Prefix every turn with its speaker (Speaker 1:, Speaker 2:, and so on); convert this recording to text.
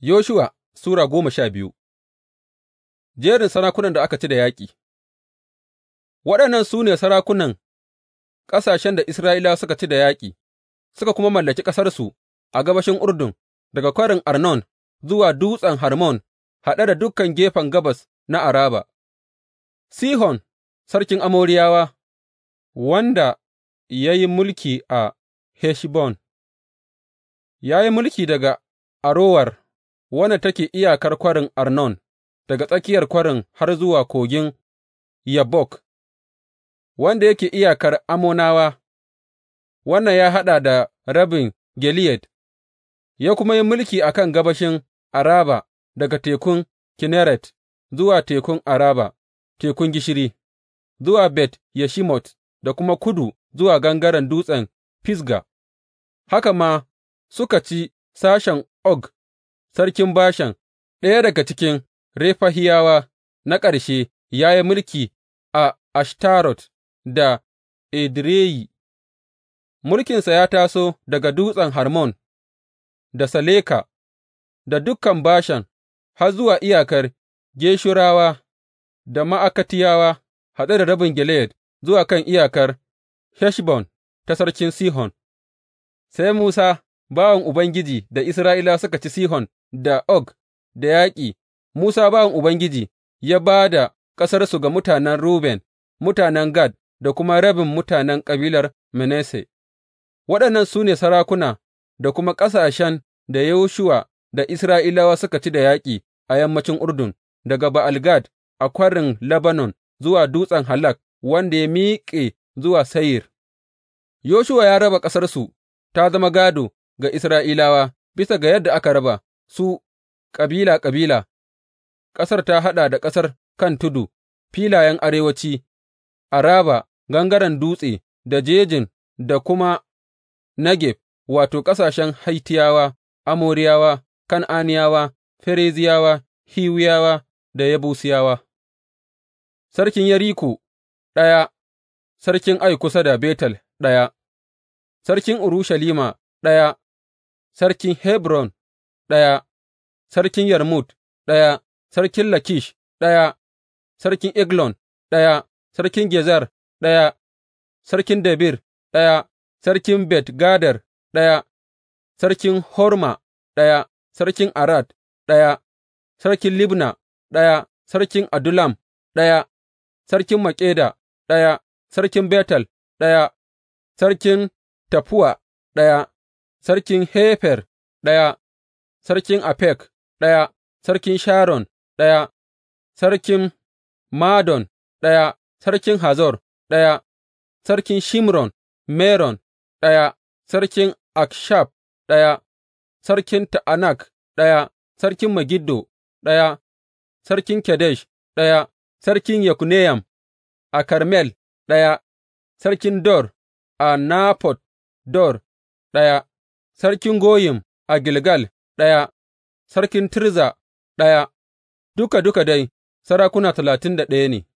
Speaker 1: Yoshuwa Sura goma sha biyu Jerin sarakunan da aka ci da yaƙi Waɗannan su ne sarakunan ƙasashen da Isra'ilawa suka ci da yaƙi, suka kuma mallaki ƙasarsu a gabashin Urdun, daga Kwarin Arnon zuwa Dutsen Harmon haɗe da dukan gefen gabas na Araba, Sihon sarkin Amoriyawa, wanda ya yi mulki a Heshbon, ya yi mulki daga Arowar. wadda take iyakar kwarin Arnon, daga tsakiyar kwarin har zuwa kogin Yabbok, wanda yake iyakar amonawa wannan ya haɗa da rabin Gileyad, ya kuma yi mulki a kan gabashin Araba daga tekun Kineret zuwa tekun Araba, tekun gishiri, zuwa Bet yashimot da kuma kudu zuwa gangaren dutsen Fisga, haka ma suka ci sashen Og sarkin Bashan, ɗaya daga cikin Refahiyawa na ƙarshe, ya yi mulki a Ashtarot da Edireyi, mulkinsa ya taso daga dutsen Harmon da Saleka da dukan Bashan har zuwa iyakar Geshurawa da Ma'akatiyawa haɗe da rabin Gileyad zuwa kan iyakar Heshbon ta sarkin Sihon, sai Musa bawan Ubangiji da Isra'ilawa suka ci Sihon da Og da yaƙi, Musa bawan Ubangiji ya ba da ƙasarsu ga mutanen Ruben, mutanen Gad da kuma rabin mutanen kabilar Manasse. Waɗannan su ne sarakuna da kuma ƙasashen da Yoshuwa da Isra'ilawa suka ci da yaƙi a yammacin Urdun, daga Ba'al Gad a kwarin Lebanon zuwa dutsen Halak wanda ya miƙe zuwa Seyir. Yoshuwa ya raba ƙasarsu ta zama gado. ga Isra'ilawa bisa ga yadda aka raba su kabila kabila, ƙasar ta haɗa da ƙasar kan tudu, filayen arewaci, Araba, gangaren dutse, da jejin, da kuma Negeb, wato, ƙasashen Haitiyawa, Amoriyawa, Kan'aniyawa, Fereziyawa, Hiwiyawa da Yabusiyawa. Sarkin Yeriko ɗaya, sarkin Ai kusa da Betel ɗaya, sarkin Urushalima ɗaya, sarkin Hebron ɗaya, sarkin Yarmut ɗaya, sarkin Lakish ɗaya, sarkin Eglon ɗaya, sarkin Gezer ɗaya, sarkin Debir ɗaya, sarkin Bet Gader ɗaya, sarkin Horma ɗaya, sarkin Arad ɗaya, sarkin Libna ɗaya, sarkin Adulam ɗaya, sarkin Makeda ɗaya, sarkin Betel ɗaya, sarkin Tafuwa ɗaya. sarkin Hefer ɗaya, sarkin Afek ɗaya, sarkin Sharon ɗaya, sarkin Madon ɗaya, sarkin Hazor ɗaya, sarkin Shimron Meron ɗaya, sarkin Akshaf ɗaya, sarkin Ta'anak ɗaya, sarkin magiddo, ɗaya, sarkin Kadesh ɗaya, sarkin Yakuneyam a Karmel ɗaya, sarkin Dor a napot Dor ɗaya, sarkin Goyim a Gilgal ɗaya, sarkin Tirza ɗaya, duka duka dai sarakuna talatin da ɗaya ne.